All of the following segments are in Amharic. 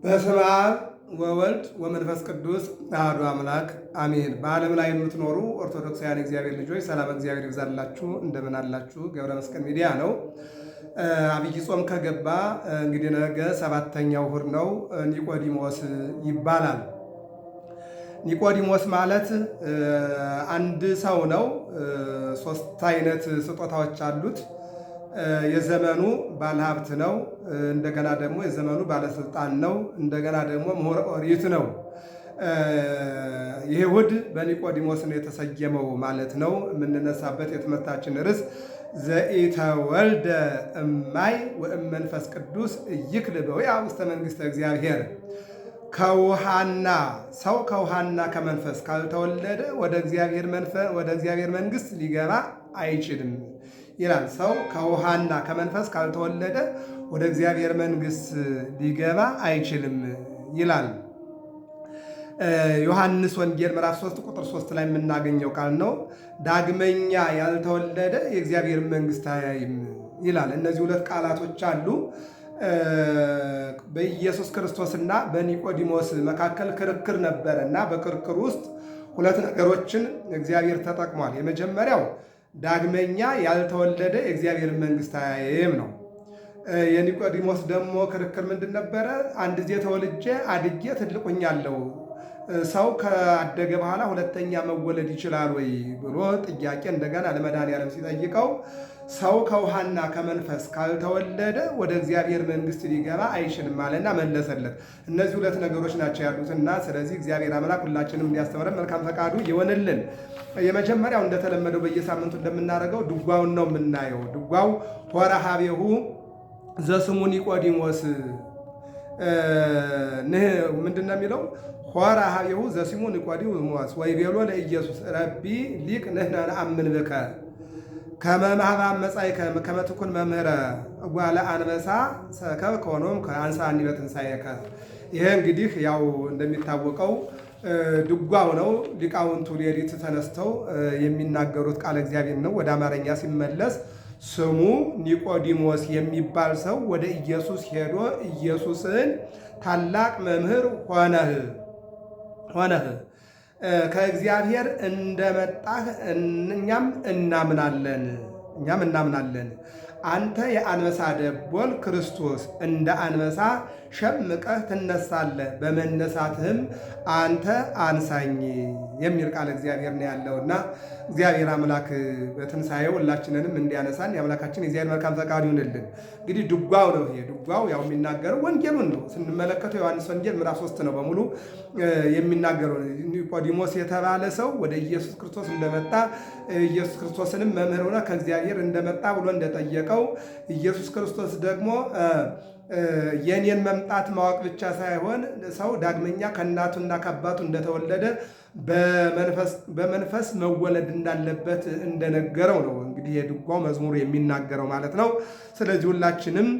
በስመ አብ ወወልድ ወመንፈስ ቅዱስ አሐዱ አምላክ አሜን። በዓለም ላይ የምትኖሩ ኦርቶዶክሳውያን እግዚአብሔር ልጆች ሰላም እግዚአብሔር ይብዛላችሁ። እንደምን አላችሁ? ገብረ መስቀል ሚዲያ ነው። አብይ ጾም ከገባ እንግዲህ ነገ ሰባተኛው እሁድ ነው። ኒቆዲሞስ ይባላል። ኒቆዲሞስ ማለት አንድ ሰው ነው። ሶስት አይነት ስጦታዎች አሉት። የዘመኑ ባለሀብት ነው። እንደገና ደግሞ የዘመኑ ባለስልጣን ነው። እንደገና ደግሞ ምሁረ ኦሪት ነው። ይሁድ በኒቆዲሞስ ነው የተሰየመው ማለት ነው። የምንነሳበት የትምህርታችን ርዕስ ዘኢተወልደ እማይ ወእመንፈስ ቅዱስ ይክል በውያ ውስተ መንግሥተ እግዚአብሔር። ከውሃና ሰው ከውሃና ከመንፈስ ካልተወለደ ወደ እግዚአብሔር መንግሥት ሊገባ አይችልም። ይላል። ሰው ከውሃና ከመንፈስ ካልተወለደ ወደ እግዚአብሔር መንግሥት ሊገባ አይችልም ይላል። ዮሐንስ ወንጌል ምዕራፍ 3 ቁጥር 3 ላይ የምናገኘው ቃል ነው። ዳግመኛ ያልተወለደ የእግዚአብሔር መንግሥት አያይም ይላል። እነዚህ ሁለት ቃላቶች አሉ። በኢየሱስ ክርስቶስና በኒቆዲሞስ መካከል ክርክር ነበረ እና በክርክር ውስጥ ሁለት ነገሮችን እግዚአብሔር ተጠቅሟል። የመጀመሪያው ዳግመኛ ያልተወለደ የእግዚአብሔር መንግስት አያይም ነው። የኒቆዲሞስ ደግሞ ክርክር ምንድን ነበረ? አንድ ጊዜ ተወልጄ አድጌ ትልቅ ሰው ከአደገ በኋላ ሁለተኛ መወለድ ይችላል ወይ ብሎ ጥያቄ እንደገና ለመድኃኒዓለም ሲጠይቀው ሰው ከውሃና ከመንፈስ ካልተወለደ ወደ እግዚአብሔር መንግስት ሊገባ አይችልም አለና መለሰለት። እነዚህ ሁለት ነገሮች ናቸው ያሉትና ስለዚህ እግዚአብሔር አምላክ ሁላችንም እንዲያስተምረን መልካም ፈቃዱ ይሆንልን። የመጀመሪያው እንደተለመደው በየሳምንቱ እንደምናደርገው ድጓውን ነው የምናየው። ድጓው ሆረሃቤሁ ዘስሙ ኒቆዲሞስ ንህ ምንድን ነው የሚለው? ሆረሃቤሁ ዘስሙ ኒቆዲሞስ ወይ ቤሎ ለኢየሱስ ረቢ ሊቅ ንህነ ነአምን ብከ ከመ መጻይ ከመትኩን መምህረ ጓለ አንበሳ ሰከብ ከሆኖም ከአንሳ ኒበት ሳየከ ይሄ እንግዲህ ያው እንደሚታወቀው ድጓው ነው። ሊቃውንቱ ሌሊት ተነስተው የሚናገሩት ቃለ እግዚአብሔር ነው። ወደ አማርኛ ሲመለስ ስሙ ኒቆዲሞስ የሚባል ሰው ወደ ኢየሱስ ሄዶ ኢየሱስን ታላቅ መምህር ሆነህ ሆነህ ከእግዚአብሔር እንደመጣህ እኛም እናምናለን እኛም እናምናለን አንተ የአንበሳ ደቦል ክርስቶስ እንደ አንበሳ ሸምቀህ ትነሳለህ፣ በመነሳትህም አንተ አንሳኝ የሚል ቃል እግዚአብሔር ነው ያለውና እግዚአብሔር አምላክ በትንሣኤው ሁላችንንም እንዲያነሳን የአምላካችን የእግዚአብሔር መልካም ፈቃዱ ይሁንልን። እንግዲህ ድጓው ነው ይሄ ድጓው ያው የሚናገረው ወንጌሉን ነው። ስንመለከተው ዮሐንስ ወንጌል ምዕራፍ ሶስት ነው በሙሉ የሚናገረው። ኒቆዲሞስ የተባለ ሰው ወደ ኢየሱስ ክርስቶስ እንደመጣ ኢየሱስ ክርስቶስንም መምህር ሆነ ከእግዚአብሔር እንደመጣ ብሎ እንደጠየቀው ኢየሱስ ክርስቶስ ደግሞ የኔን መምጣት ማወቅ ብቻ ሳይሆን ሰው ዳግመኛ ከእናቱና ከአባቱ እንደተወለደ በመንፈስ መወለድ እንዳለበት እንደነገረው ነው እንግዲህ የድጓው መዝሙር የሚናገረው ማለት ነው። ስለዚህ ሁላችንም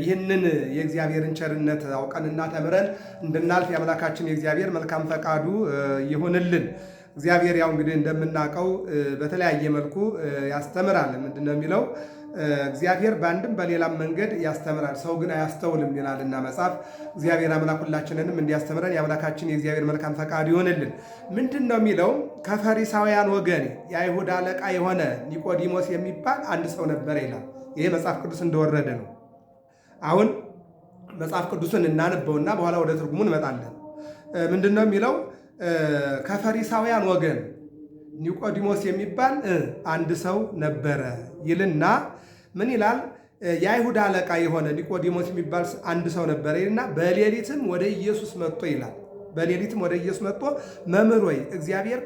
ይህንን የእግዚአብሔርን ቸርነት አውቀንና ተምረን እንድናልፍ የአምላካችን የእግዚአብሔር መልካም ፈቃዱ ይሁንልን። እግዚአብሔር ያው እንግዲህ እንደምናውቀው በተለያየ መልኩ ያስተምራል። ምንድን ነው የሚለው? እግዚአብሔር በአንድም በሌላም መንገድ ያስተምራል፣ ሰው ግን አያስተውልም ይላልና መጽሐፍ። እግዚአብሔር አምላክ ሁላችንንም እንዲያስተምረን የአምላካችን የእግዚአብሔር መልካም ፈቃድ ይሆንልን። ምንድን ነው የሚለው? ከፈሪሳውያን ወገን የአይሁድ አለቃ የሆነ ኒቆዲሞስ የሚባል አንድ ሰው ነበረ ይላል። ይሄ መጽሐፍ ቅዱስ እንደወረደ ነው። አሁን መጽሐፍ ቅዱስን እናነበውና በኋላ ወደ ትርጉሙ እንመጣለን። ምንድን ነው የሚለው? ከፈሪሳውያን ወገን ኒቆዲሞስ የሚባል አንድ ሰው ነበረ ይልና ምን ይላል? የአይሁድ አለቃ የሆነ ኒቆዲሞስ የሚባል አንድ ሰው ነበረ ይልና በሌሊትም ወደ ኢየሱስ መጥቶ ይላል። በሌሊትም ወደ ኢየሱስ መጥቶ መምህር ሆይ እግዚአብሔር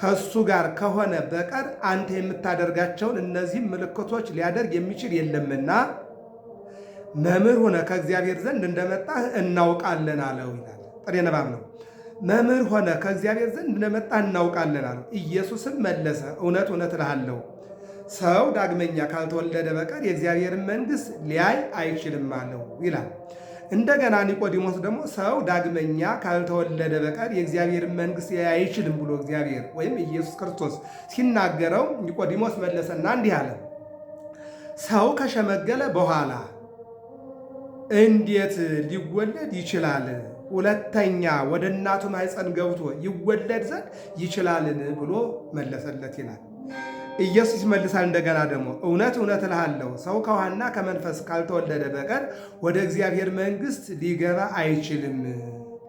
ከእሱ ጋር ከሆነ በቀር አንተ የምታደርጋቸውን እነዚህም ምልክቶች ሊያደርግ የሚችል የለምና መምህር ሆነ ከእግዚአብሔር ዘንድ እንደመጣህ እናውቃለን አለው ይላል። ጥሬ ነው። መምህር ሆነ ከእግዚአብሔር ዘንድ እንደመጣ እናውቃለን አሉ። ኢየሱስም መለሰ እውነት እውነት እልሃለሁ ሰው ዳግመኛ ካልተወለደ በቀር የእግዚአብሔርን መንግሥት ሊያይ አይችልም አለው ይላል። እንደገና ኒቆዲሞስ ደግሞ ሰው ዳግመኛ ካልተወለደ በቀር የእግዚአብሔርን መንግሥት ሊያይ አይችልም ብሎ እግዚአብሔር ወይም ኢየሱስ ክርስቶስ ሲናገረው ኒቆዲሞስ መለሰና እንዲህ አለ ሰው ከሸመገለ በኋላ እንዴት ሊወለድ ይችላል? ሁለተኛ ወደ እናቱ ማኅፀን ገብቶ ይወለድ ዘንድ ይችላልን ብሎ መለሰለት ይላል። ኢየሱስ ይመልሳል እንደገና ደግሞ እውነት እውነት እልሃለሁ ሰው ከውሃና ከመንፈስ ካልተወለደ በቀር ወደ እግዚአብሔር መንግሥት ሊገባ አይችልም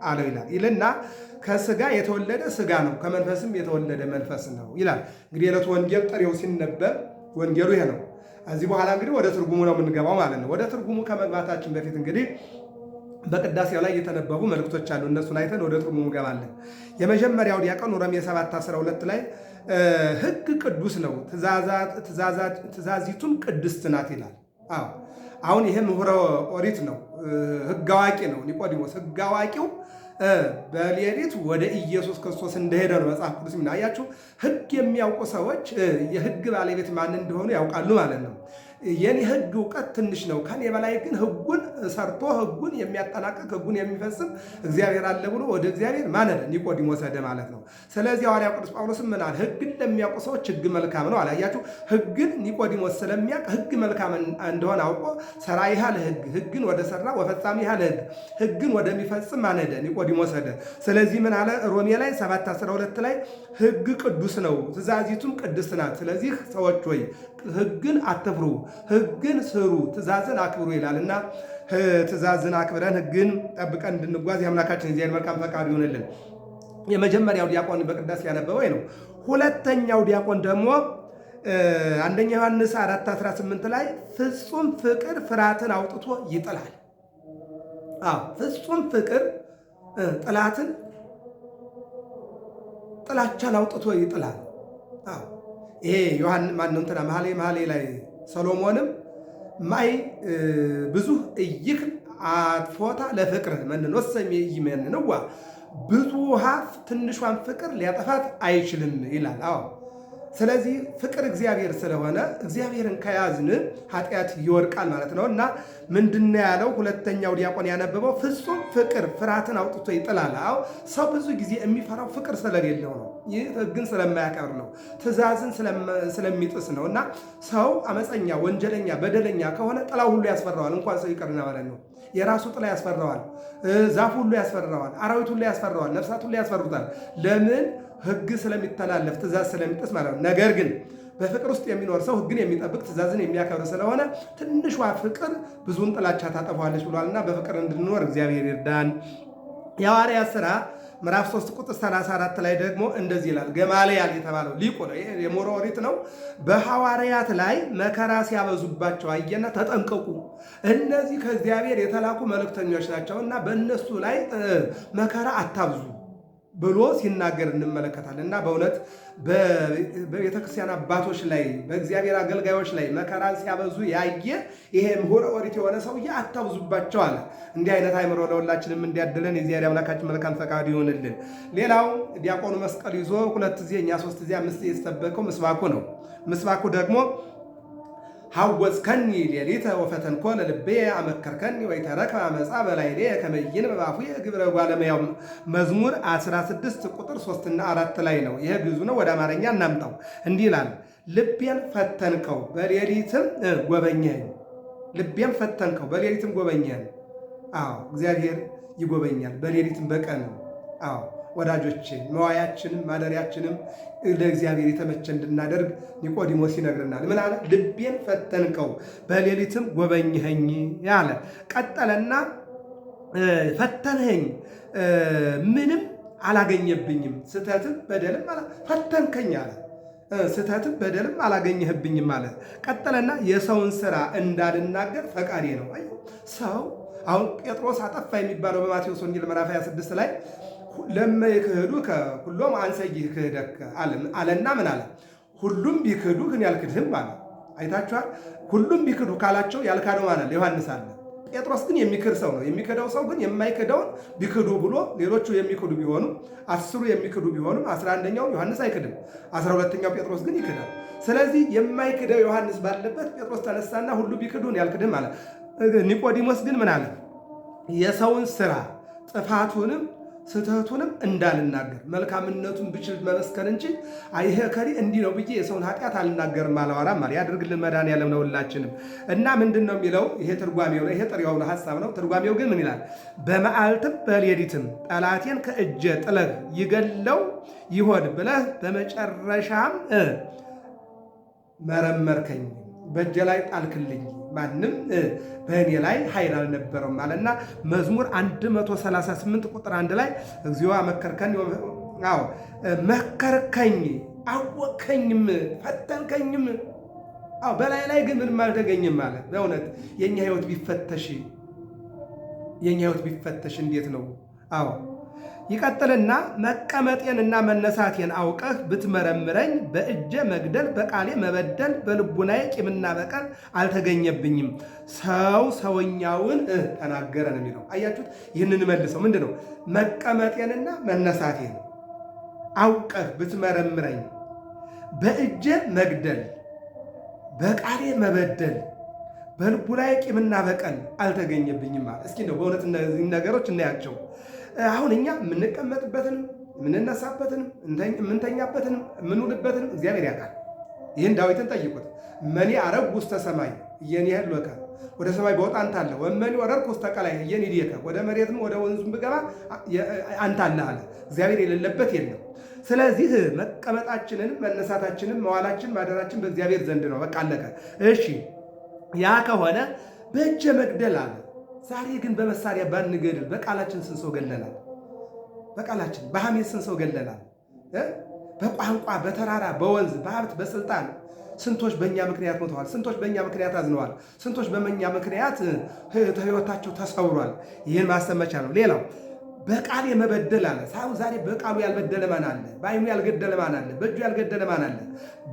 አለው ይላል ይልና ከስጋ የተወለደ ስጋ ነው፣ ከመንፈስም የተወለደ መንፈስ ነው ይላል። እንግዲህ የዕለቱ ወንጌል ጥሬው ሲነበብ ወንጌሉ ይሄ ነው። እዚህ በኋላ እንግዲህ ወደ ትርጉሙ ነው የምንገባው ማለት ነው። ወደ ትርጉሙ ከመግባታችን በፊት እንግዲህ በቅዳሴው ላይ የተነበቡ መልእክቶች አሉ። እነሱን አይተን ወደ ትርጉሙ እንገባለን። የመጀመሪያው ዲያቆን ሮሜ 7 12 ላይ ሕግ ቅዱስ ነው ትእዛዚቱም ቅድስት ናት ይላል። አዎ አሁን ይሄ ምሁረ ኦሪት ነው፣ ሕግ አዋቂ ነው ኒቆዲሞስ። ሕግ አዋቂው በሌሊት ወደ ኢየሱስ ክርስቶስ እንደሄደ ነው መጽሐፍ ቅዱስ። አያችሁ፣ ሕግ የሚያውቁ ሰዎች የሕግ ባለቤት ማን እንደሆኑ ያውቃሉ ማለት ነው። የኔ ህግ እውቀት ትንሽ ነው፣ ከኔ በላይ ግን ህጉን ሰርቶ ህጉን የሚያጠናቅቅ ህጉን የሚፈጽም እግዚአብሔር አለ ብሎ ወደ እግዚአብሔር ማለደ ኒቆዲሞስ ሄደ ማለት ነው። ስለዚህ ሐዋርያ ቅዱስ ጳውሎስ ምን አለ? ህግን ለሚያውቁ ሰዎች ህግ መልካም ነው አላያችሁ? ህግን ኒቆዲሞስ ስለሚያውቅ ህግ መልካም እንደሆነ አውቆ ሰራ ያህል ህግ ህግን ወደ ሰራ ወፈጻሚ ያህል ህግ ህግን ወደሚፈጽም ማለደ ኒቆዲሞስ ሄደ። ስለዚህ ምን አለ? ሮሜ ላይ 7 12 ላይ ህግ ቅዱስ ነው፣ ትእዛዚቱም ቅድስት ናት። ስለዚህ ሰዎች ወይ ህግን አትፍሩ ህግን ስሩ ትእዛዝን አክብሩ ይላል እና ትእዛዝን አክብረን ህግን ጠብቀን እንድንጓዝ የአምላካችን እግዚአብሔር መልካም ፈቃዱ ይሆንልን። የመጀመሪያው ዲያቆን በቅዳሴ ያነበበው ነው። ሁለተኛው ዲያቆን ደግሞ አንደኛ ዮሐንስ 4 18 ላይ ፍጹም ፍቅር ፍርሃትን አውጥቶ ይጥላል። አዎ ፍጹም ፍቅር ጥላትን ጥላቻን አውጥቶ ይጥላል። አዎ ይሄ ዮሐን ማን ነው እንትና መኃልየ መኃልይ ላይ ሰሎሞንም ማይ ብዙ እይክል አጥፎታ ለፍቅርህ መንኖሰ ይመንንዋ ብዙ ውሃ ትንሿን ፍቅር ሊያጠፋት አይችልም ይላል። አዎ ስለዚህ ፍቅር እግዚአብሔር ስለሆነ እግዚአብሔርን ከያዝን ኃጢአት ይወርቃል ማለት ነው እና ምንድነው ያለው ሁለተኛው ዲያቆን ያነበበው ፍጹም ፍቅር ፍርሃትን አውጥቶ ይጥላል። አዎ ሰው ብዙ ጊዜ የሚፈራው ፍቅር ስለሌለው ነው። ይህ ህግን ስለማያከብር ነው፣ ትእዛዝን ስለሚጥስ ነው እና ሰው አመፀኛ፣ ወንጀለኛ፣ በደለኛ ከሆነ ጥላው ሁሉ ያስፈራዋል። እንኳን ሰው ይቅርና ማለት ነው የራሱ ጥላ ያስፈራዋል። ዛፍ ሁሉ ያስፈራዋል። አራዊት ሁሉ ያስፈራዋል። ነፍሳት ሁሉ ያስፈሩታል። ለምን ህግ ስለሚተላለፍ ትእዛዝ ስለሚጥስ ማለት ነው። ነገር ግን በፍቅር ውስጥ የሚኖር ሰው ህግን የሚጠብቅ ትእዛዝን የሚያከብር ስለሆነ ትንሿ ፍቅር ብዙውን ጥላቻ ታጠፏለች ብሏልና በፍቅር እንድንኖር እግዚአብሔር ይርዳን። የሐዋርያት ሥራ ምዕራፍ 3 ቁጥር 34 ላይ ደግሞ እንደዚህ ይላል። ገማልያል የተባለው ሊቁ ነው፣ የሞረ ኦሪት ነው። በሐዋርያት ላይ መከራ ሲያበዙባቸው አየና ተጠንቀቁ፣ እነዚህ ከእግዚአብሔር የተላኩ መልእክተኞች ናቸው እና በእነሱ ላይ መከራ አታብዙ ብሎ ሲናገር እንመለከታለን። እና በእውነት በቤተክርስቲያን አባቶች ላይ በእግዚአብሔር አገልጋዮች ላይ መከራን ሲያበዙ ያየ ይሄ ምሁረ ኦሪት የሆነ ሰውዬ አታብዙባቸው አለ። እንዲህ አይነት አይምሮ ለሁላችንም እንዲያድለን የእግዚአብሔር አምላካችን መልካም ፈቃድ ይሆንልን። ሌላው ዲያቆኑ መስቀል ይዞ ሁለት ጊዜ እኛ ሶስት ጊዜ አምስት ዜ የተጠበቀው ምስባኩ ነው። ምስባኩ ደግሞ ሐወጽከኒ ሌሊተ ወፈተንኮ ለልቤ አመከርከኒ ወይተረከበ አመፃ በላይሌ ከመይን በባፉ ግብረ ጓለመያው መዝሙር 16 ቁጥር 3 እና 4 ላይ ነው። ይሄ ግዙ ነው። ወደ አማርኛ እናምጣው። እንዲህ ይላል፣ ልቤን ፈተንከው በሌሊትም ጎበኘህን። ልቤን ፈተንከው በሌሊትም ጎበኘህን። አዎ እግዚአብሔር ይጎበኛል በሌሊትም በቀን። አዎ ወዳጆቼ መዋያችንም ማደሪያችንም ለእግዚአብሔር የተመቸ እንድናደርግ ኒቆዲሞስ ይነግርናል። ምን አለ? ልቤን ፈተንከው በሌሊትም ጎበኝኸኝ አለ። ቀጠለና ፈተንኸኝ፣ ምንም አላገኘብኝም፣ ስህተትም በደልም ፈተንከኝ አለ። ስህተትም በደልም አላገኘህብኝም ማለት ቀጠለና የሰውን ስራ እንዳልናገር ፈቃዴ ነው። ሰው አሁን ጴጥሮስ አጠፋ የሚባለው በማቴዎስ ወንጌል ምዕራፍ 26 ላይ ለመ ይክህዱ ሁሎም አንሰ ይክህደከ አለና ምን አለ? ሁሉም ቢክህዱ ግን ያልክድህም አለ። አይታችኋል። ሁሉም ቢክዱ ካላቸው ያልካደው ማለት ዮሐንስ አለ። ጴጥሮስ ግን የሚክድ ሰው ነው። የሚክደው ሰው ግን የማይክደውን ቢክዱ ብሎ ሌሎቹ የሚክዱ ቢሆኑም አስሩ የሚክዱ ቢሆኑም አስራ አንደኛው ዮሐንስ አይክድም፣ አስራ ሁለተኛው ጴጥሮስ ግን ይክዳል። ስለዚህ የማይክደው ዮሐንስ ባለበት ጴጥሮስ ተነሳና ሁሉ ቢክዱን ያልክድም አለ። ኒቆዲሞስ ግን ምን አለ? የሰውን ስራ ጥፋቱንም ስህተቱንም እንዳልናገር መልካምነቱን ብችል መመስከር እንጂ ይሄ ከሪ እንዲህ ነው ብዬ የሰውን ኃጢአት አልናገርም አላወራም አለ። ያድርግልን መድኃኒዓለም ነው ሁላችንም። እና ምንድን ነው የሚለው ይሄ ትርጓሜው ነው። ይሄ ጥሬው ሀሳብ ነው። ትርጓሜው ግን ምን ይላል? በመዓልትም በሌሊትም ጠላቴን ከእጀ ጥለህ ይገለው ይሆን ብለህ በመጨረሻም መረመርከኝ፣ በእጀ ላይ ጣልክልኝ ማንም በእኔ ላይ ኃይል አልነበረውም አለና መዝሙር 138 ቁጥር አንድ ላይ እግዚኦ መከርከን አዎ መከርከኝ አወከኝም ፈተንከኝም አዎ በላይ ላይ ግን ምንም አልተገኘም አለ በእውነት የእኛ ህይወት ቢፈተሽ የእኛ ህይወት ቢፈተሽ እንዴት ነው አዎ ይቀጥልና መቀመጤንና መነሳቴን አውቀህ ብትመረምረኝ በእጀ መግደል፣ በቃሌ መበደል፣ በልቡናዬ ቂምና በቀል አልተገኘብኝም። ሰው ሰውኛውን ተናገረ ነው የሚለው። አያችሁት? ይህንን መልሰው ምንድን ነው መቀመጤንና መነሳቴን አውቀህ ብትመረምረኝ በእጀ መግደል፣ በቃሌ መበደል በልቡ ላይ ቂምና በቀል አልተገኘብኝም። እስኪ ነው በእውነት እነዚህ ነገሮች እናያቸው። አሁን እኛ የምንቀመጥበትንም የምንነሳበትንም የምንተኛበትንም የምንውልበትንም እግዚአብሔር ያውቃል። ይህን ዳዊትን ጠይቁት። መኒ አረግ ውስተ ሰማይ ያህል ወከ ወደ ሰማይ በወጣ አንታለ ወመኒ ወረድኩ ውስተ ቀላይ እየኒድየከ ወደ መሬትም ወደ ወንዙም ብገባ አንታለ አለ። እግዚአብሔር የሌለበት የለም። ስለዚህ መቀመጣችንን፣ መነሳታችንን፣ መዋላችን፣ ማደራችን በእግዚአብሔር ዘንድ ነው። በቃ አለቀ። እሺ ያ ከሆነ በእጀ መግደል አለ ዛሬ ግን በመሳሪያ ባንገድል በቃላችን ስንሰው ሰው ገለናል። በቃላችን በሐሜት ስንሰው ሰው ገለናል። በቋንቋ በተራራ በወንዝ በሀብት በስልጣን ስንቶች በእኛ ምክንያት ሞተዋል። ስንቶች በእኛ ምክንያት አዝነዋል። ስንቶች በመኛ ምክንያት ህይወታቸው ተሰውሯል። ይህን ማሰመቻ ነው። ሌላው በቃል የመበደል አለ። ሳሁ ዛሬ በቃሉ ያልበደለ ማን አለ? በአይኑ ያልገደለ ማን አለ? በእጁ ያልገደለ ማን አለ?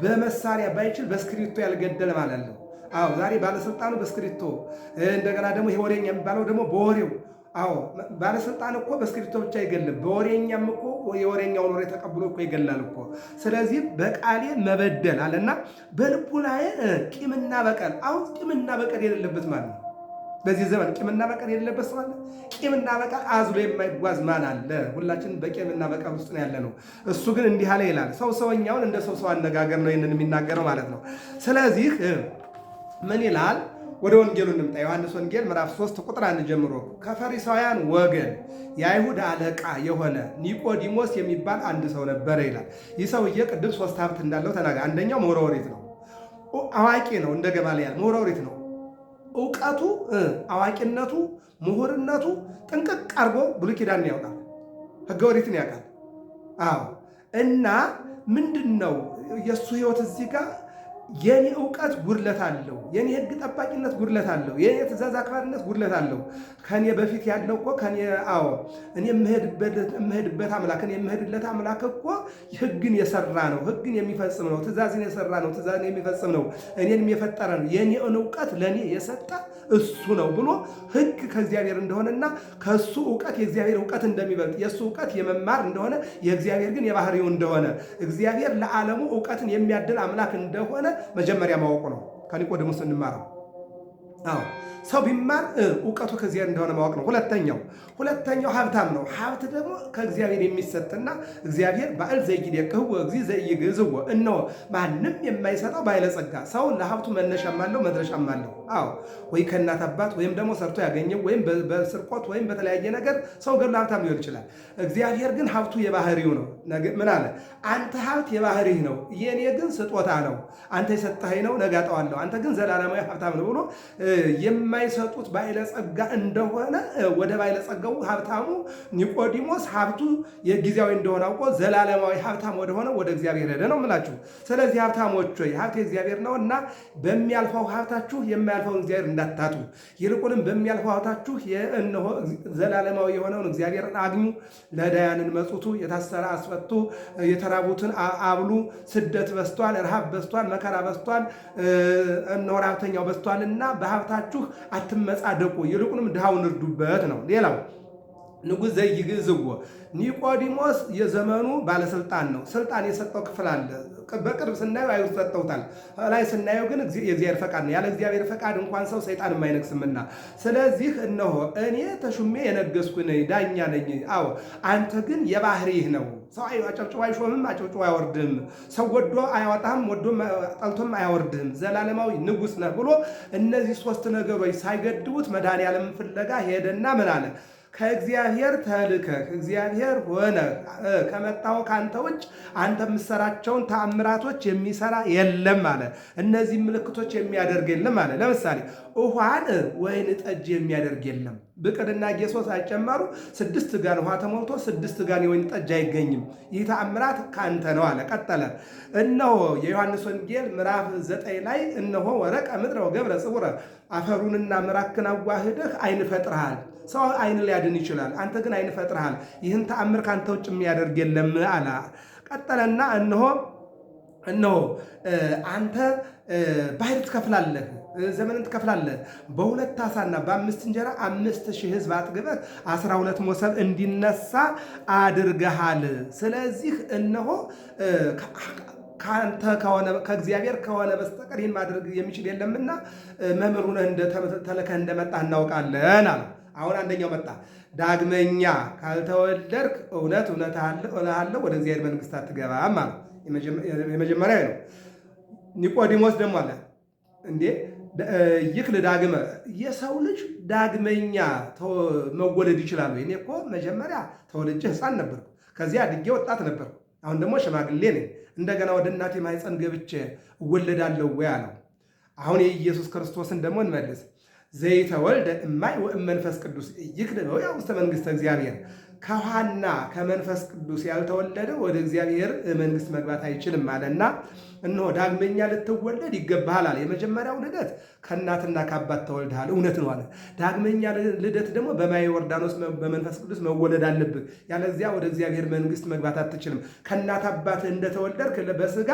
በመሳሪያ ባይችል በእስክሪብቶ ያልገደለ ማን አለ? አዎ ዛሬ ባለስልጣኑ በእስክሪቶ እንደገና ደግሞ ይሄ ወሬኛ የሚባለው ደግሞ በወሬው አዎ ባለስልጣን እኮ በእስክሪብቶ ብቻ አይገልም፣ በወሬኛም እኮ የወሬኛውን ወሬ ተቀብሎ እኮ ይገላል እኮ። ስለዚህ በቃሌ መበደል አለና በልቡ ላይ ቂምና በቀል። አሁን ቂምና በቀል የሌለበት ማለት ነው። በዚህ ዘመን ቂምና በቀል የሌለበት ሰው አለ? ቂምና በቀል አዝሎ የማይጓዝ ማን አለ? ሁላችንም በቂምና በቀል ውስጥ ነው ያለ ነው። እሱ ግን እንዲህ አለ ይላል። ሰው ሰውኛውን እንደ ሰው ሰው አነጋገር ነው ይህንን የሚናገረው ማለት ነው። ስለዚህ ምን ይላል? ወደ ወንጌሉ እንምጣ። ዮሐንስ ወንጌል ምዕራፍ 3 ቁጥር 1 ጀምሮ ከፈሪሳውያን ወገን የአይሁድ አለቃ የሆነ ኒቆዲሞስ የሚባል አንድ ሰው ነበረ ይላል። ይህ ሰውዬ ቅድም ሶስት ሀብት እንዳለው ተናገ። አንደኛው ምሁረ ኦሪት ነው፣ አዋቂ ነው። እንደ ገባልያል ምሁረ ኦሪት ነው። እውቀቱ፣ አዋቂነቱ፣ ምሁርነቱ ጥንቅቅ አርጎ ብሉይ ኪዳንን ያውቃል፣ ሕገ ኦሪትን ያውቃል። አዎ እና ምንድን ነው የእሱ ህይወት እዚህ ጋር የኔ እውቀት ጉድለት አለው፣ የኔ ህግ ጠባቂነት ጉድለት አለው፣ የኔ ትእዛዝ አክባሪነት ጉድለት አለው። ከኔ በፊት ያለው እኮ ከኔ አዎ እኔ የምሄድበት አምላክ እኔ የምሄድለት አምላክ እኮ ህግን የሰራ ነው፣ ህግን የሚፈጽም ነው፣ ትእዛዝን የሰራ ነው፣ ትእዛዝን የሚፈጽም ነው፣ እኔንም የፈጠረ ነው፣ የኔን እውቀት ለእኔ የሰጠ እሱ ነው ብሎ ህግ ከእግዚአብሔር እንደሆነና ከእሱ እውቀት የእግዚአብሔር እውቀት እንደሚበልጥ የእሱ እውቀት የመማር እንደሆነ የእግዚአብሔር ግን የባህሪው እንደሆነ እግዚአብሔር ለዓለሙ እውቀትን የሚያድል አምላክ እንደሆነ መጀመሪያ ማወቁ ነው ከኒቆዲሞስ እንማረው። አዎ ሰው ቢማር እውቀቱ ከእግዚአብሔር እንደሆነ ማወቅ ነው። ሁለተኛው ሁለተኛው ሀብታም ነው። ሀብት ደግሞ ከእግዚአብሔር የሚሰጥና እግዚአብሔር ባዕል ዘይዴቅህዎ እግዚእ ዘይግዝዎ እነሆ ማንም የማይሰጠው ባለጸጋ። ሰው ለሀብቱ መነሻም አለው መድረሻም አለው። አዎ ወይ ከእናት አባት ወይም ደግሞ ሰርቶ ያገኘው ወይም በስርቆት ወይም በተለያየ ነገር ሰው ገድሎ ሀብታም ሊሆን ይችላል። እግዚአብሔር ግን ሀብቱ የባህሪው ነው። ምን አለ? አንተ ሀብት የባህሪህ ነው፣ የእኔ ግን ስጦታ ነው። አንተ የሰጠኸኝ ነው፣ ነጋጠዋለሁ። አንተ ግን ዘላለማዊ ሀብታም ነው ብሎ የማይሰጡት ባለጸጋ እንደሆነ ወደ ባለጸጋው ሀብታሙ ኒቆዲሞስ ሀብቱ የጊዜያዊ እንደሆነ አውቆ ዘላለማዊ ሀብታም ወደሆነ ወደ እግዚአብሔር ሄደ ነው ምላችሁ። ስለዚህ ሀብታሞች ሆይ ሀብት የእግዚአብሔር ነው እና በሚያልፈው ሀብታችሁ የማያልፈውን እግዚአብሔር እንዳታጡ፣ ይልቁንም በሚያልፈው ሀብታችሁ ዘላለማዊ የሆነውን እግዚአብሔር አግኙ። ለዳያንን መጽቱ፣ የታሰረ አስፈቱ፣ የተራቡትን አብሉ። ስደት በስቷል፣ ረሃብ በስቷል፣ መከራ በስቷል፣ እነሆ ረሃብተኛው በስቷልና ሀብታችሁ አትመጻደቁ፣ ይልቁንም ድሃውን እርዱበት ነው። ሌላው ንጉሥ ዘይግዝዎ ኒቆዲሞስ የዘመኑ ባለስልጣን ነው። ስልጣን የሰጠው ክፍል አለ። በቅርብ ስናየው አይሁድ ሰጠውታል። ላይ ስናየው ግን የእግዚአብሔር ፈቃድ ነው። ያለ እግዚአብሔር ፈቃድ እንኳን ሰው ሰይጣን አይነግስምና፣ ስለዚህ እነሆ እኔ ተሹሜ የነገስኩ ነኝ፣ ዳኛ ነኝ። አዎ አንተ ግን የባህሪህ ነው። ሰው አጨብጭቦ አይሾምም፣ አጨብጭቦ አያወርድህም። ሰው ወዶ አያወጣም፣ ወዶ ጠልቶም አያወርድህም። ዘላለማዊ ንጉሥ ነህ ብሎ እነዚህ ሶስት ነገሮች ሳይገድቡት መድኃኔዓለምን ፍለጋ ሄደና ምን አለ ከእግዚአብሔር ተልከህ እግዚአብሔር ሆነ ከመጣው ከአንተ ውጭ አንተ የምትሰራቸውን ተአምራቶች የሚሰራ የለም አለ። እነዚህ ምልክቶች የሚያደርግ የለም አለ። ለምሳሌ ውሃን ወይን ጠጅ የሚያደርግ የለም። ብቅልና ጌሶስ አይጨመሩ። ስድስት ጋን ውሃ ተሞልቶ ስድስት ጋን የወይን ጠጅ አይገኝም። ይህ ተአምራት ከአንተ ነው አለ። ቀጠለ። እነሆ የዮሐንስ ወንጌል ምዕራፍ ዘጠኝ ላይ እነሆ ወረቀ ምድረው ገብረ ጽውረ አፈሩንና ምራክን አዋህደህ አይን ፈጥረሃል ሰው አይን ሊያድን ይችላል፣ አንተ ግን አይን ፈጥረሃል። ይህን ተአምር ከአንተ ውጭ የሚያደርግ የለም አለ። ቀጠለና እነሆ እነሆ አንተ ባህር ትከፍላለህ ዘመንን ትከፍላለህ። በሁለት አሳና በአምስት እንጀራ አምስት ሺህ ህዝብ አጥግበህ አስራ ሁለት ሞሰብ እንዲነሳ አድርገሃል። ስለዚህ እነሆ ከአንተ ከሆነ ከእግዚአብሔር ከሆነ በስተቀር ይህን ማድረግ የሚችል የለምና መምህሩን ተልከህ እንደመጣ እናውቃለን አለው። አሁን አንደኛው መጣ። ዳግመኛ ካልተወለድክ እውነት እውነት እልሃለሁ ወደ እግዚአብሔር መንግሥት አትገባም አለ። የመጀመሪያ ነው። ኒቆዲሞስ ደግሞ አለ እንዴ ይክል ዳግመ የሰው ልጅ ዳግመኛ መወለድ ይችላሉ? እኔ እኮ መጀመሪያ ተወልጄ ሕፃን ነበርኩ። ከዚያ አድጌ ወጣት ነበርኩ። አሁን ደግሞ ሽማግሌ ነኝ። እንደገና ወደ እናቴ ማኅፀን ገብቼ እወለዳለሁ ወይ አለው። አሁን የኢየሱስ ክርስቶስን ደግሞ እንመልስ። ዘይተወልደ እማይ ወእም መንፈስ ቅዱስ ይክደነው ያው ውስተ መንግስተ እግዚአብሔር ከውሃና ከመንፈስ ቅዱስ ያልተወለደ ወደ እግዚአብሔር መንግስት መግባት አይችልም አለና እነሆ ዳግመኛ ልትወለድ ይገባሃል አለ። የመጀመሪያው ልደት ከእናትና ከአባት ተወልድሃል፣ እውነት ነው አለ። ዳግመኛ ልደት ደግሞ በማየ ዮርዳኖስ በመንፈስ ቅዱስ መወለድ አለብህ፣ ያለዚያ ወደ እግዚአብሔር መንግስት መግባት አትችልም። ከእናት አባት እንደተወለድክ በስጋ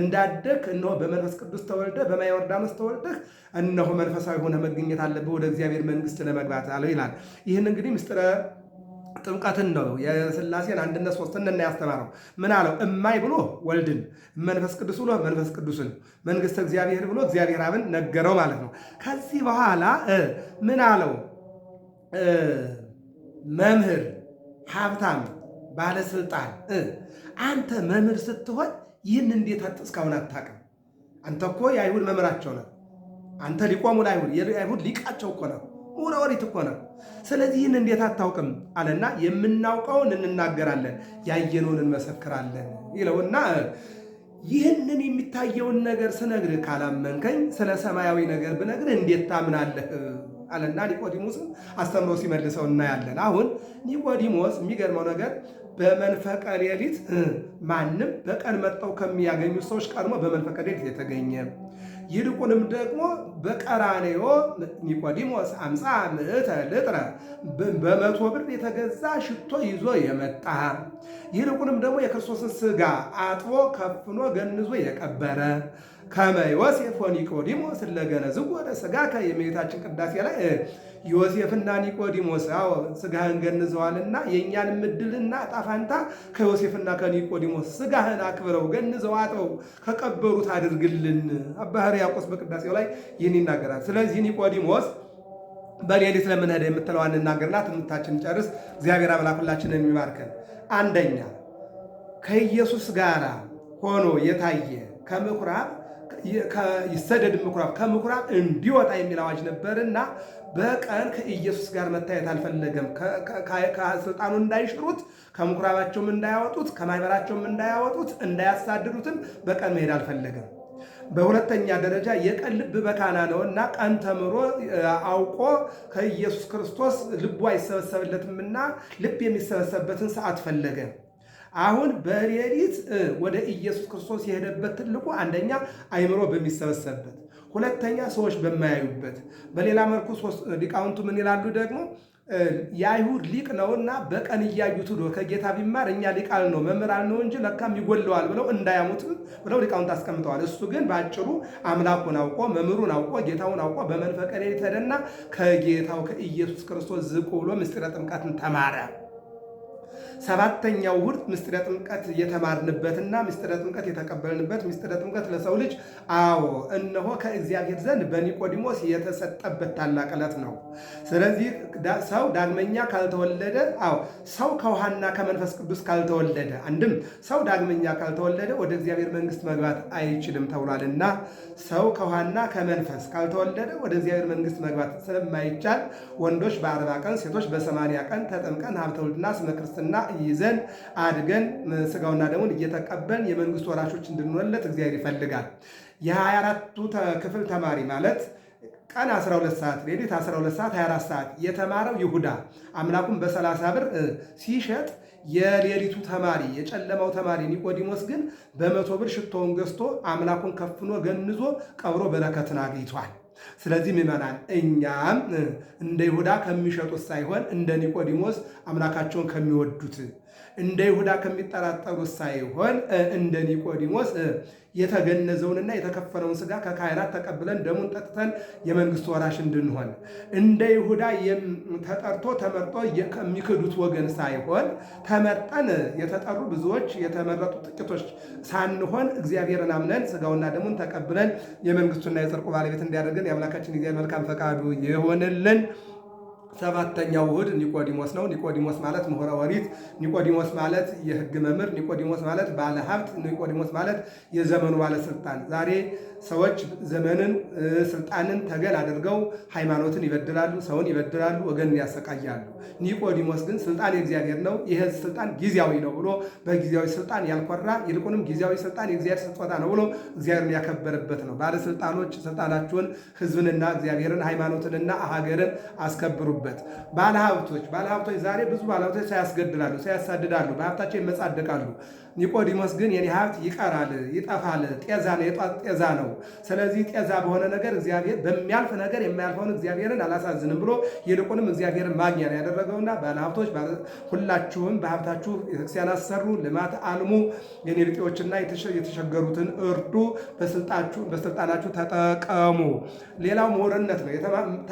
እንዳደግ፣ እነሆ በመንፈስ ቅዱስ ተወልደ በማየ ዮርዳኖስ ተወልደህ፣ እነሆ መንፈሳዊ ሆነ መገኘት አለብህ ወደ እግዚአብሔር መንግስት ለመግባት አለው ይላል። ይህን እንግዲህ ምስጢረ ጥምቀትን ነው የሥላሴን አንድነት ሶስትነት ነው ያስተማረው። ምን አለው? እማይ ብሎ ወልድን፣ መንፈስ ቅዱስ ብሎ መንፈስ ቅዱስን፣ መንግስተ እግዚአብሔር ብሎ እግዚአብሔር አብን ነገረው ማለት ነው። ከዚህ በኋላ ምን አለው? መምህር፣ ሀብታም፣ ባለስልጣን አንተ መምህር ስትሆን ይህን እንዴት እስካሁን አታውቅም? አንተ እኮ የአይሁድ መምህራቸው ነው። አንተ ሊቆሙ ለአይሁድ የአይሁድ ሊቃቸው እኮ ነው ሙረ ኦሪት እኮ ነው። ስለዚህ ይህን እንዴት አታውቅም አለና የምናውቀውን እንናገራለን፣ ያየነውን እንመሰክራለን ይለውና ይህንን የሚታየውን ነገር ስነግር ካላመንከኝ ስለ ሰማያዊ ነገር ብነግር እንዴት ታምናለህ አለና ኒቆዲሞስን አስተምሮ ሲመልሰው እናያለን። አሁን ኒቆዲሞስ የሚገርመው ነገር በመንፈቀ ሌሊት ማንም በቀን መጥተው ከሚያገኙት ሰዎች ቀድሞ በመንፈቀ ሌሊት የተገኘ ይልቁንም ደግሞ በቀራኔዮ ኒቆዲሞስ አምፃ ምዕተ ልጥረ በመቶ ብር የተገዛ ሽቶ ይዞ የመጣ ይልቁንም ደግሞ የክርስቶስን ሥጋ አጥቦ ከፍኖ ገንዞ የቀበረ ከመ ዮሴፍ ወኒቆዲሞስ ለገነዝው ወደ ሥጋ ከየመቤታችን ቅዳሴ ላይ ዮሴፍና ኒቆዲሞስ አዎ ሥጋህን ገንዘዋልና የእኛን ምድልና ጣፋንታ ከዮሴፍና ከኒቆዲሞስ ሥጋህን አክብረው ገንዘው አጥበው ከቀበሩት አድርግልን። አባ ሕርያቆስ በቅዳሴው ላይ ይህን ይናገራል። ስለዚህ ኒቆዲሞስ በሌሊት ለምን ሄደ የምትለዋን እናገርና ትምህርታችን ጨርስ። እግዚአብሔር አምላክ ሁላችንን የሚባርከን። አንደኛ ከኢየሱስ ጋር ሆኖ የታየ ከምኩራብ ይሰደድ ምኩራብ ከምኩራብ እንዲወጣ የሚል አዋጅ ነበርና በቀን ከኢየሱስ ጋር መታየት አልፈለገም። ከስልጣኑ እንዳይሽሩት፣ ከምኩራባቸውም እንዳያወጡት፣ ከማህበራቸውም እንዳያወጡት፣ እንዳያሳድዱትም በቀን መሄድ አልፈለገም። በሁለተኛ ደረጃ የቀን ልብ በካና ነው እና ቀን ተምሮ አውቆ ከኢየሱስ ክርስቶስ ልቡ አይሰበሰብለትምና ልብ የሚሰበሰብበትን ሰዓት ፈለገ። አሁን በሌሊት ወደ ኢየሱስ ክርስቶስ የሄደበት ትልቁ አንደኛ አይምሮ በሚሰበሰብበት፣ ሁለተኛ ሰዎች በማያዩበት። በሌላ መልኩ ሊቃውንቱ ምን ይላሉ ደግሞ የአይሁድ ሊቅ ነውና በቀን እያዩት ዶ ከጌታ ቢማር እኛ ሊቃል ነው መምህራን ነው እንጂ ለካም ይጎለዋል ብለው እንዳያሙት ብለው ሊቃውንት አስቀምጠዋል። እሱ ግን በአጭሩ አምላኩን አውቆ መምህሩን አውቆ ጌታውን አውቆ በመንፈቀ ሌሊት ሄደና ከጌታው ከኢየሱስ ክርስቶስ ዝቅ ብሎ ምስጢረ ጥምቀትን ተማረ። ሰባተኛው ውርት ምስጢረ ጥምቀት የተማርንበትና ምስጢረ ጥምቀት የተቀበልንበት ምስጢረ ጥምቀት ለሰው ልጅ አዎ እነሆ ከእግዚአብሔር ዘንድ በኒቆዲሞስ የተሰጠበት ታላቅ ዕለት ነው። ስለዚህ ሰው ዳግመኛ ካልተወለደ፣ አዎ ሰው ከውሃና ከመንፈስ ቅዱስ ካልተወለደ፣ አንድም ሰው ዳግመኛ ካልተወለደ ወደ እግዚአብሔር መንግስት መግባት አይችልም ተብሏልና ሰው ከውሃና ከመንፈስ ካልተወለደ ወደ እግዚአብሔር መንግስት መግባት ስለማይቻል ወንዶች በአርባ ቀን ሴቶች በሰማንያ ቀን ተጠምቀን ሀብተውልድና ስመክርስት ክርስትና ይዘን አድገን ስጋውና ደሙን እየተቀበልን የመንግስት ወራሾች እንድንወለት እግዚአብሔር ይፈልጋል። የ የ24ቱ ክፍል ተማሪ ማለት ቀን 12 ሰዓት ሌሊት 12 ሰዓት 24 ሰዓት የተማረው ይሁዳ አምላኩን በ30 ብር ሲሸጥ የሌሊቱ ተማሪ የጨለማው ተማሪ ኒቆዲሞስ ግን በመቶ ብር ሽቶውን ገዝቶ አምላኩን ከፍኖ ገንዞ ቀብሮ በረከትን አግኝቷል። ስለዚህ ምዕመናን እኛም እንደ ይሁዳ ከሚሸጡት ሳይሆን እንደ ኒቆዲሞስ አምላካቸውን ከሚወዱት እንደ ይሁዳ ከሚጠራጠሩት ሳይሆን እንደ ኒቆዲሞስ የተገነዘውንና የተከፈለውን ስጋ ከካህናት ተቀብለን ደሙን ጠጥተን የመንግስት ወራሽ እንድንሆን እንደ ይሁዳ ተጠርቶ ተመርጦ ከሚክዱት ወገን ሳይሆን ተመርጠን የተጠሩ ብዙዎች የተመረጡ ጥቂቶች ሳንሆን እግዚአብሔርን አምነን ስጋውና ደሙን ተቀብለን የመንግስቱና የጽርቁ ባለቤት እንዲያደርገን የአምላካችን እግዚአብሔር መልካም ፈቃዱ ይሆንልን። ሰባተኛው ውድ ኒቆዲሞስ ነው። ኒቆዲሞስ ማለት ምሁረ ወሪት ኒቆዲሞስ ማለት የህግ መምህር፣ ኒቆዲሞስ ማለት ባለ ሀብት፣ ኒቆዲሞስ ማለት የዘመኑ ባለስልጣን። ዛሬ ሰዎች ዘመንን፣ ስልጣንን ተገን አድርገው ሃይማኖትን ይበድላሉ፣ ሰውን ይበድላሉ፣ ወገንን ያሰቃያሉ። ኒቆዲሞስ ግን ስልጣን የእግዚአብሔር ነው፣ ይህ ስልጣን ጊዜያዊ ነው ብሎ በጊዜያዊ ስልጣን ያልኮራ ይልቁንም ጊዜያዊ ስልጣን የእግዚአብሔር ስጦታ ነው ብሎ እግዚአብሔርን ያከበረበት ነው። ባለስልጣኖች ስልጣናችሁን ህዝብንና እግዚአብሔርን ሃይማኖትንና ሀገርን አስከብሩበት። ማለት ባለሀብቶች ባለሀብቶች ዛሬ ብዙ ባለሀብቶች ሳያስገድላሉ ሳያሳድዳሉ በሀብታቸው ይመጻደቃሉ። ኒቆዲሞስ ግን የኔ ሀብት ይቀራል፣ ይጠፋል፣ ጤዛ ነው፣ የጧት ጤዛ ነው። ስለዚህ ጤዛ በሆነ ነገር እግዚአብሔር በሚያልፍ ነገር የማያልፈውን እግዚአብሔርን አላሳዝንም ብሎ ይልቁንም እግዚአብሔርን ማግኛ ነው ያደረገውና ባለሀብቶች ሁላችሁም በሀብታችሁ ቤተክርስቲያን አሰሩ፣ ልማት አልሙ፣ የኔ ብጤዎችና የተቸገሩትን እርዱ፣ በስልጣናችሁ ተጠቀሙ። ሌላው ምሁርነት ነው።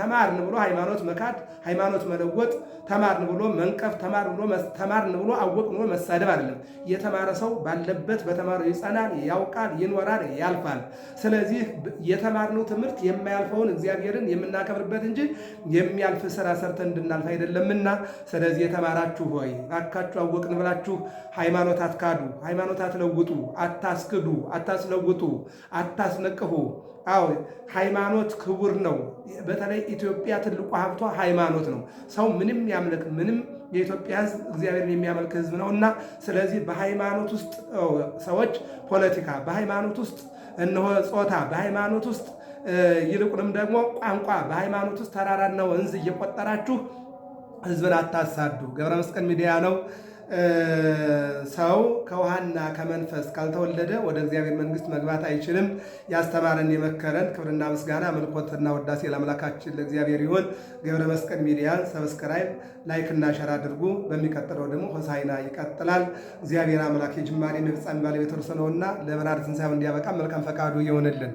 ተማርን ብሎ ሃይማኖት መካድ፣ ሃይማኖት መለወጥ፣ ተማርን ብሎ መንቀፍ፣ ተማርን ብሎ አወቅን ብሎ መሳደብ አይደለም። ሰው ባለበት በተማረው ይጸናል፣ ያውቃል፣ ይኖራል፣ ያልፋል። ስለዚህ የተማርነው ትምህርት የማያልፈውን እግዚአብሔርን የምናከብርበት እንጂ የሚያልፍ ስራ ሰርተን እንድናልፍ አይደለምና፣ ስለዚህ የተማራችሁ ሆይ አካችሁ አወቅን ብላችሁ ሃይማኖት አትካዱ፣ ሃይማኖት አትለውጡ፣ አታስክዱ፣ አታስለውጡ፣ አታስነቅፉ። አዎ ሃይማኖት ክቡር ነው። በተለይ ኢትዮጵያ ትልቁ ሀብቷ ሃይማኖት ነው። ሰው ምንም ያምልክ ምንም የኢትዮጵያ ህዝብ እግዚአብሔርን የሚያመልክ ህዝብ ነው እና ስለዚህ በሃይማኖት ውስጥ ሰዎች ፖለቲካ፣ በሃይማኖት ውስጥ እነሆ ጾታ፣ በሃይማኖት ውስጥ ይልቁንም ደግሞ ቋንቋ፣ በሃይማኖት ውስጥ ተራራና ወንዝ እየቆጠራችሁ ህዝብን አታሳዱ። ገብረ መስቀል ሚዲያ ነው። ሰው ከውሃና ከመንፈስ ካልተወለደ ወደ እግዚአብሔር መንግስት መግባት አይችልም። ያስተማረን የመከረን ክብርና ምስጋና ምልኮትና ወዳሴ ለአምላካችን ለእግዚአብሔር ይሁን። ገብረ መስቀል ሚዲያ ሰብስክራይብ፣ ላይክና ሸር አድርጉ። በሚቀጥለው ደግሞ ሆሳይና ይቀጥላል። እግዚአብሔር አምላክ የጅማሬ የፍጻሜ ባለቤት እርሱ ነውና ለብርሃነ ትንሣኤው እንዲያበቃ መልካም ፈቃዱ ይሆንልን።